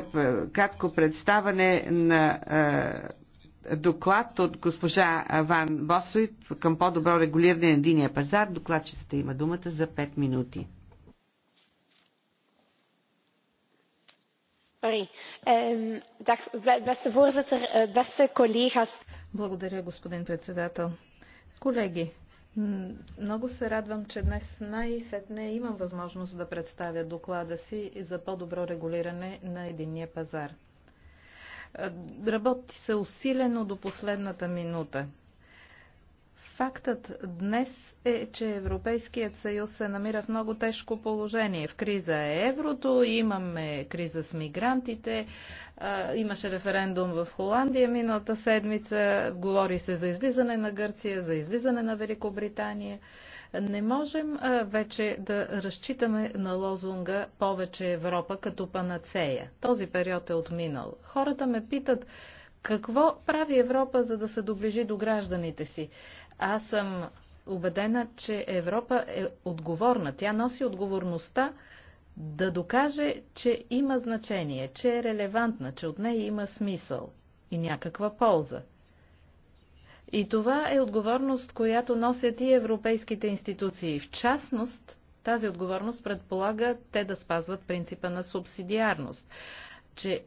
кратка, е, кратко представане на е, доклад от госпожа Ван Босуит към по-добро регулиране на единия пазар. Докладчицата има думата за 5 минути. Е, Благодаря, господин председател. Колеги, много се радвам, че днес най-сетне имам възможност да представя доклада си за по-добро регулиране на единния пазар. Работи се усилено до последната минута. Фактът днес е, че Европейският съюз се намира в много тежко положение. В криза е еврото, имаме криза с мигрантите, имаше референдум в Холандия миналата седмица, говори се за излизане на Гърция, за излизане на Великобритания. Не можем вече да разчитаме на лозунга повече Европа като панацея. Този период е отминал. Хората ме питат, какво прави Европа, за да се доближи до гражданите си? Аз съм убедена, че Европа е отговорна. Тя носи отговорността да докаже, че има значение, че е релевантна, че от нея има смисъл и някаква полза. И това е отговорност, която носят и европейските институции. В частност, тази отговорност предполага те да спазват принципа на субсидиарност, че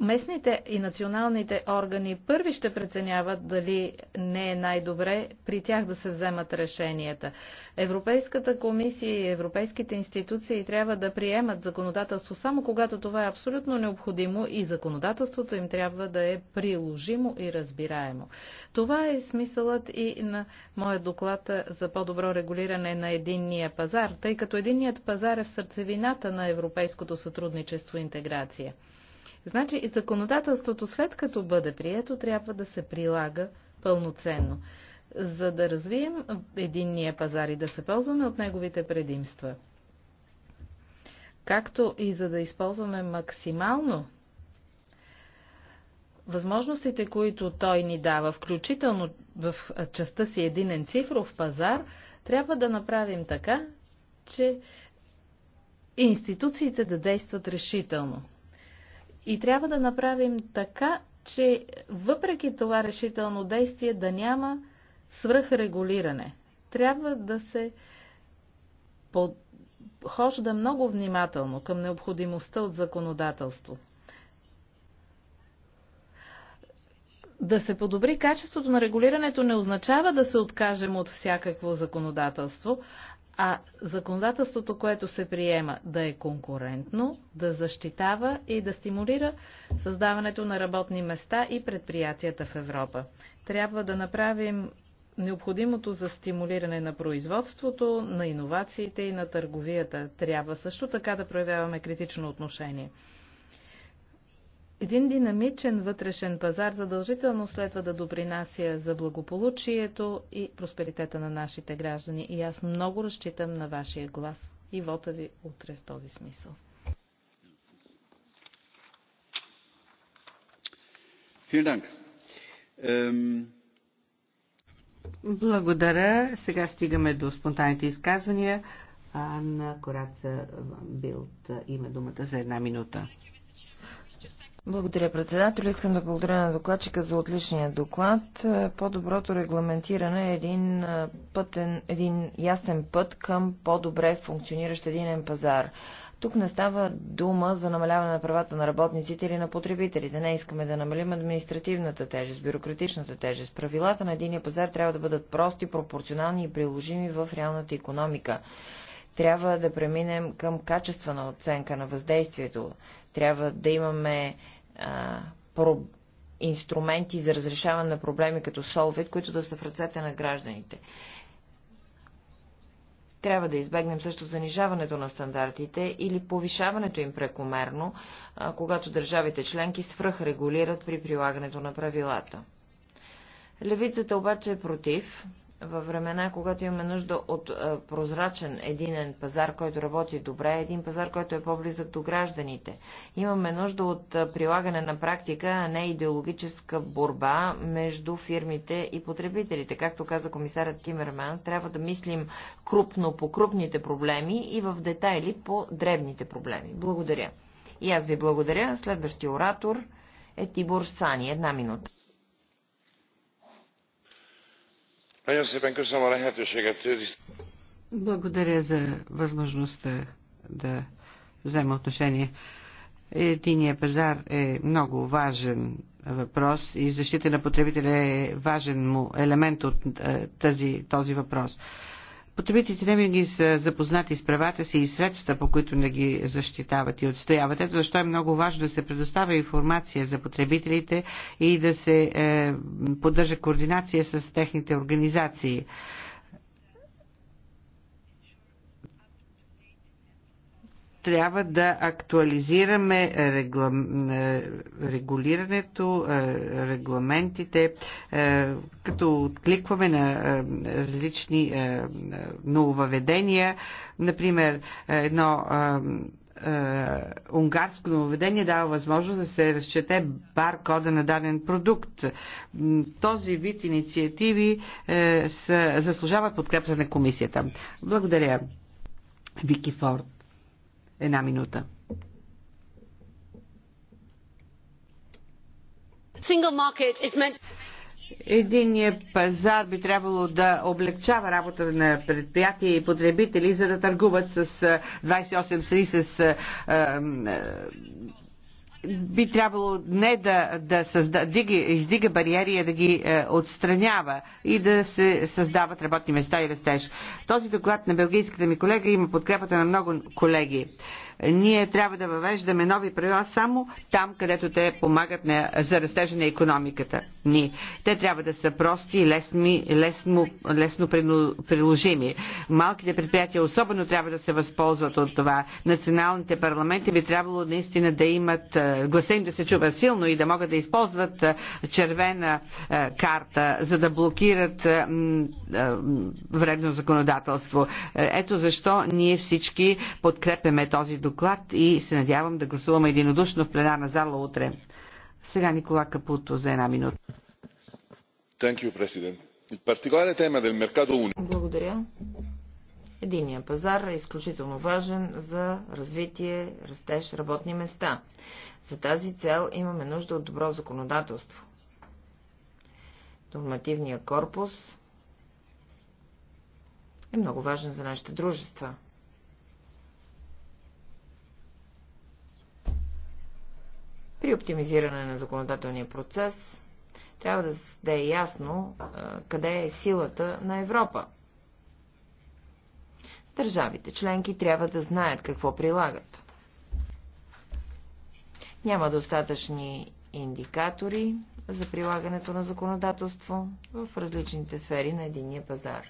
местните и националните органи първи ще преценяват дали не е най-добре при тях да се вземат решенията. Европейската комисия и европейските институции трябва да приемат законодателство само когато това е абсолютно необходимо и законодателството им трябва да е приложимо и разбираемо. Това е смисълът и на моят доклад за по-добро регулиране на единния пазар, тъй като единният пазар е в сърцевината на европейското сътрудничество и интеграция. Значи и законодателството след като бъде прието трябва да се прилага пълноценно, за да развием единния пазар и да се ползваме от неговите предимства. Както и за да използваме максимално възможностите, които той ни дава, включително в частта си единен цифров пазар, трябва да направим така, че институциите да действат решително. И трябва да направим така, че въпреки това решително действие да няма свръхрегулиране. Трябва да се подхожда много внимателно към необходимостта от законодателство. Да се подобри качеството на регулирането не означава да се откажем от всякакво законодателство, а законодателството, което се приема, да е конкурентно, да защитава и да стимулира създаването на работни места и предприятията в Европа. Трябва да направим необходимото за стимулиране на производството, на иновациите и на търговията. Трябва също така да проявяваме критично отношение. Един динамичен вътрешен пазар задължително следва да допринася за благополучието и просперитета на нашите граждани. И аз много разчитам на вашия глас и вота ви утре в този смисъл. Благодаря. Сега стигаме до спонтанните изказвания. Анна Кораца Билт има думата за една минута. Благодаря, председател. Искам да благодаря на докладчика за отличния доклад. По-доброто регламентиране е един, пътен, един ясен път към по-добре функциониращ единен пазар. Тук не става дума за намаляване на правата на работниците или на потребителите. Не искаме да намалим административната тежест, бюрократичната тежест. Правилата на единия пазар трябва да бъдат прости, пропорционални и приложими в реалната економика. Трябва да преминем към качествена оценка на въздействието. Трябва да имаме а, про... инструменти за разрешаване на проблеми като Solvit, които да са в ръцете на гражданите. Трябва да избегнем също занижаването на стандартите или повишаването им прекомерно, а, когато държавите членки свръхрегулират при прилагането на правилата. Левицата обаче е против във времена, когато имаме нужда от а, прозрачен единен пазар, който работи добре, един пазар, който е по-близък до гражданите. Имаме нужда от а, прилагане на практика, а не идеологическа борба между фирмите и потребителите. Както каза комисарът Тимерманс, трябва да мислим крупно по крупните проблеми и в детайли по дребните проблеми. Благодаря. И аз ви благодаря. Следващия оратор е Тибор Сани. Една минута. Благодаря за възможността да взема отношение. Единия пазар е много важен въпрос и защита на потребителя е важен му елемент от е, тази, този въпрос. Потребителите не винаги са запознати с правата си и средствата, по които не ги защитават и отстояват. Ето защо е много важно да се предоставя информация за потребителите и да се е, поддържа координация с техните организации. трябва да актуализираме реглам... Е, регулирането, е, регламентите, е, като откликваме на различни нововведения. Например, едно унгарско нововведение дава възможност да се разчете баркода на даден продукт. Този вид инициативи е, са, заслужават подкрепата на комисията. Благодаря, Вики Форд една минута. Единият пазар би трябвало да облегчава работата на предприятия и потребители, за да търгуват с 28 страни с би трябвало не да, да създа, диги, издига бариери, а да ги е, отстранява и да се създават работни места и растеж. Този доклад на белгийската ми колега има подкрепата на много колеги. Ние трябва да въвеждаме нови правила само там, където те помагат на, за растежа на економиката ни. Те трябва да са прости и лесни, лесно, лесно приложими. Малките предприятия особено трябва да се възползват от това. Националните парламенти би трябвало наистина да имат е, гласа им да се чува силно и да могат да използват е, червена е, карта, за да блокират вредно законодателство. Ето защо ние всички подкрепяме този доклад и се надявам да гласуваме единодушно в пленарна зала утре. Сега Никола Капуто за една минута. Благодаря. Единият пазар е изключително важен за развитие, растеж, работни места. За тази цел имаме нужда от добро законодателство. Нормативният корпус е много важен за нашите дружества – При оптимизиране на законодателния процес трябва да, се е ясно къде е силата на Европа. Държавите членки трябва да знаят какво прилагат. Няма достатъчни индикатори за прилагането на законодателство в различните сфери на единния пазар.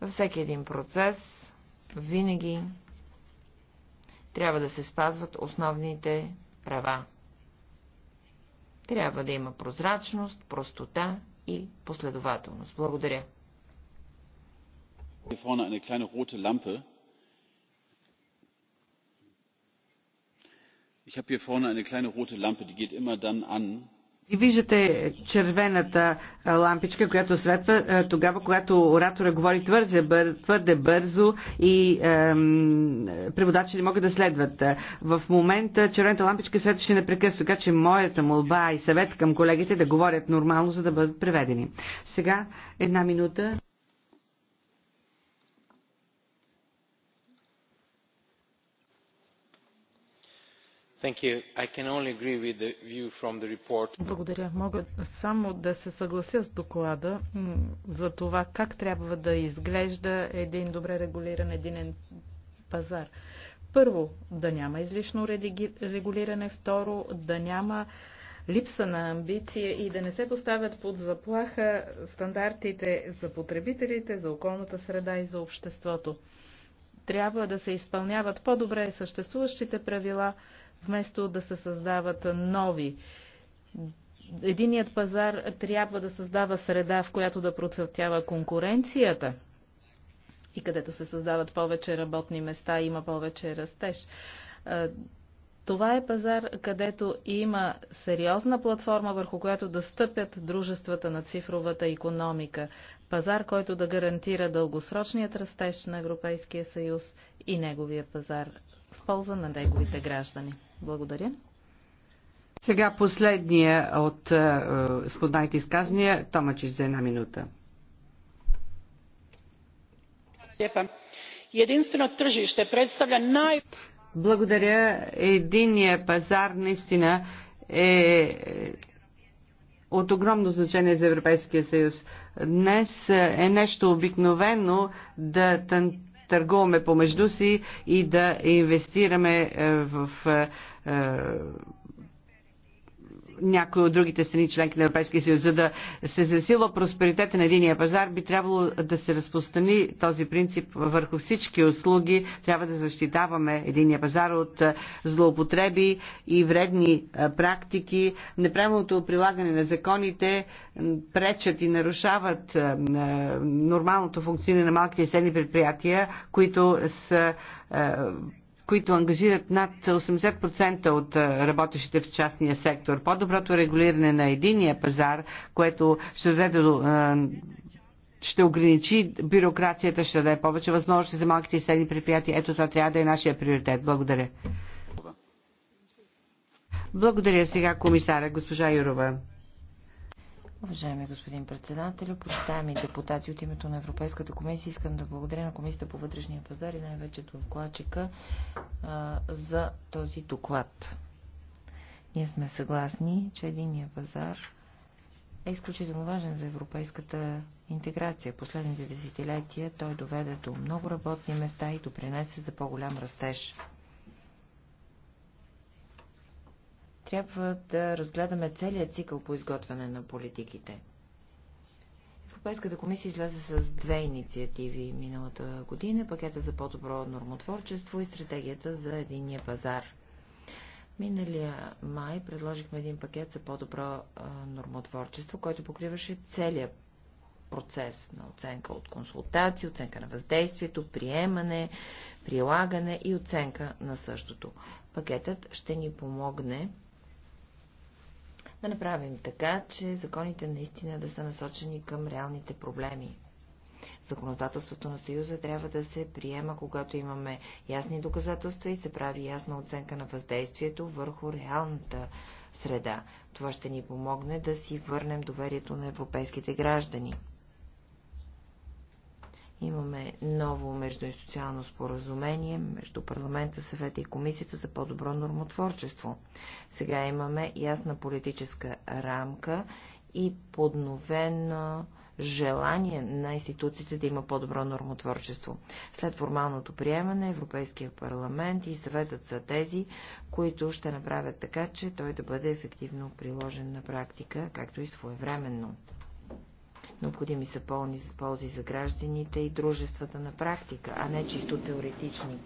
Във всеки един процес винаги трябва да се спазват основните права. Трябва да има прозрачност, простота и последователност. Благодаря. Ich habe hier vorne eine kleine rote Lampe, die geht immer dann an, и виждате червената лампичка, която светва тогава, когато оратора говори твърде, бър, твърде бързо и ем, преводачи не могат да следват. В момента червената лампичка светваше непрекъснато, така че моята молба и съвет към колегите да говорят нормално, за да бъдат преведени. Сега една минута. Благодаря. Мога само да се съглася с доклада за това как трябва да изглежда един добре регулиран единен пазар. Първо, да няма излишно регулиране. Второ, да няма липса на амбиция и да не се поставят под заплаха стандартите за потребителите, за околната среда и за обществото. Трябва да се изпълняват по-добре съществуващите правила, вместо да се създават нови. Единият пазар трябва да създава среда, в която да процъфтява конкуренцията и където се създават повече работни места, има повече растеж. Това е пазар, където има сериозна платформа, върху която да стъпят дружествата на цифровата економика. Пазар, който да гарантира дългосрочният растеж на Европейския съюз и неговия пазар в полза на неговите граждани. Благодаря. Сега последния от е, споднайте изказвания, Томачич за една минута. Единствено тържище представля най... Благодаря. Единия пазар наистина е, е от огромно значение за Европейския съюз. Днес е нещо обикновено да тън търгуваме помежду си и да инвестираме е, в е, е, някои от другите страни, членки на Европейския съюз. За да се засила просперитета на единия пазар, би трябвало да се разпространи този принцип върху всички услуги. Трябва да защитаваме единия пазар от злоупотреби и вредни практики. Неправилното прилагане на законите пречат и нарушават нормалното функциониране на малките и средни предприятия, които са които ангажират над 80% от работещите в частния сектор. По-доброто регулиране на единия пазар, което ще даде до ще ограничи бюрокрацията, ще даде повече възможности за малките и средни предприятия. Ето това трябва да е нашия приоритет. Благодаря. Благодаря сега комисаря госпожа Юрова. Уважаеми господин председател, почитаеми депутати от името на Европейската комисия, искам да благодаря на Комисията по вътрешния пазар и най-вече докладчика а, за този доклад. Ние сме съгласни, че единния пазар е изключително важен за европейската интеграция. Последните десетилетия той доведе до много работни места и допринесе за по-голям растеж. трябва да разгледаме целият цикъл по изготвяне на политиките. Европейската комисия излезе с две инициативи миналата година – пакета за по-добро нормотворчество и стратегията за единния пазар. Миналия май предложихме един пакет за по-добро нормотворчество, който покриваше целият процес на оценка от консултации, оценка на въздействието, приемане, прилагане и оценка на същото. Пакетът ще ни помогне да направим така, че законите наистина да са насочени към реалните проблеми. Законодателството на Съюза трябва да се приема, когато имаме ясни доказателства и се прави ясна оценка на въздействието върху реалната среда. Това ще ни помогне да си върнем доверието на европейските граждани. Имаме ново междуинституционално споразумение между парламента, съвета и комисията за по-добро нормотворчество. Сега имаме ясна политическа рамка и подновено желание на институциите да има по-добро нормотворчество. След формалното приемане Европейския парламент и съветът са тези, които ще направят така, че той да бъде ефективно приложен на практика, както и своевременно. Необходими са пълни ползи за гражданите и дружествата на практика, а не чисто теоретични.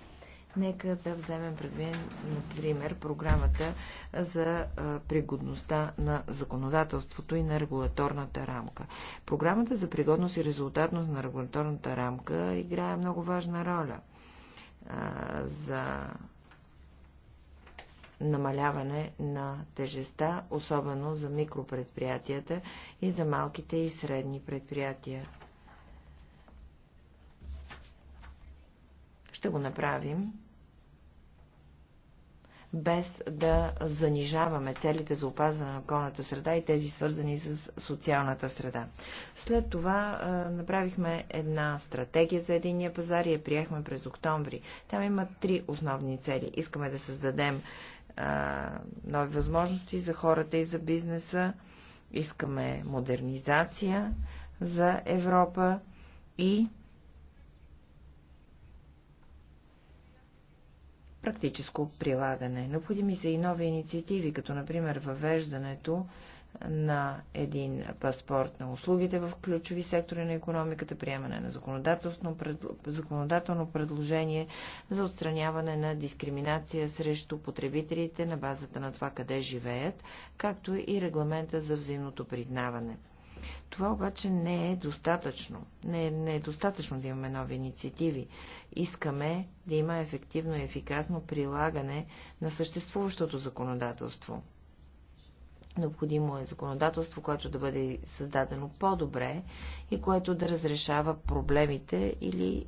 Нека да вземем предвид, например, програмата за пригодността на законодателството и на регулаторната рамка. Програмата за пригодност и резултатност на регулаторната рамка играе много важна роля за намаляване на тежеста, особено за микропредприятията и за малките и средни предприятия. Ще го направим без да занижаваме целите за опазване на околната среда и тези свързани с социалната среда. След това е, направихме една стратегия за единния пазар и я приехме през октомври. Там има три основни цели. Искаме да създадем нови възможности за хората и за бизнеса. Искаме модернизация за Европа и практическо прилагане. Необходими са и нови инициативи, като например въвеждането на един паспорт на услугите в ключови сектори на економиката, приемане на законодателно, законодателно предложение за отстраняване на дискриминация срещу потребителите на базата на това къде живеят, както и регламента за взаимното признаване. Това обаче не е достатъчно. Не е, не е достатъчно да имаме нови инициативи. Искаме да има ефективно и ефикасно прилагане на съществуващото законодателство. Необходимо е законодателство, което да бъде създадено по-добре и което да разрешава проблемите или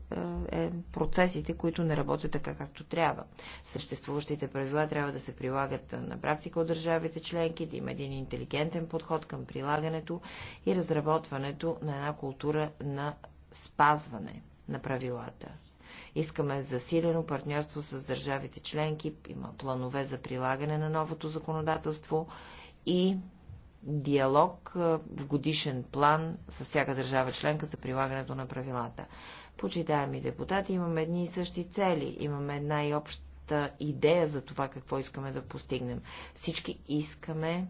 е, процесите, които не работят така както трябва. Съществуващите правила трябва да се прилагат на практика от държавите членки, да има един интелигентен подход към прилагането и разработването на една култура на спазване на правилата. Искаме засилено партньорство с държавите членки, има планове за прилагане на новото законодателство и диалог в годишен план с всяка държава членка за прилагането на правилата. Почитаеми депутати, имаме едни и същи цели, имаме една и обща идея за това какво искаме да постигнем. Всички искаме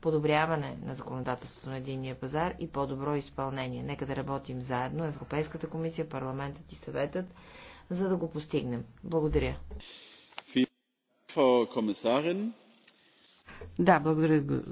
подобряване на законодателството на единния пазар и по-добро изпълнение. Нека да работим заедно, Европейската комисия, парламентът и съветът, за да го постигнем. Благодаря. Да, благодаря,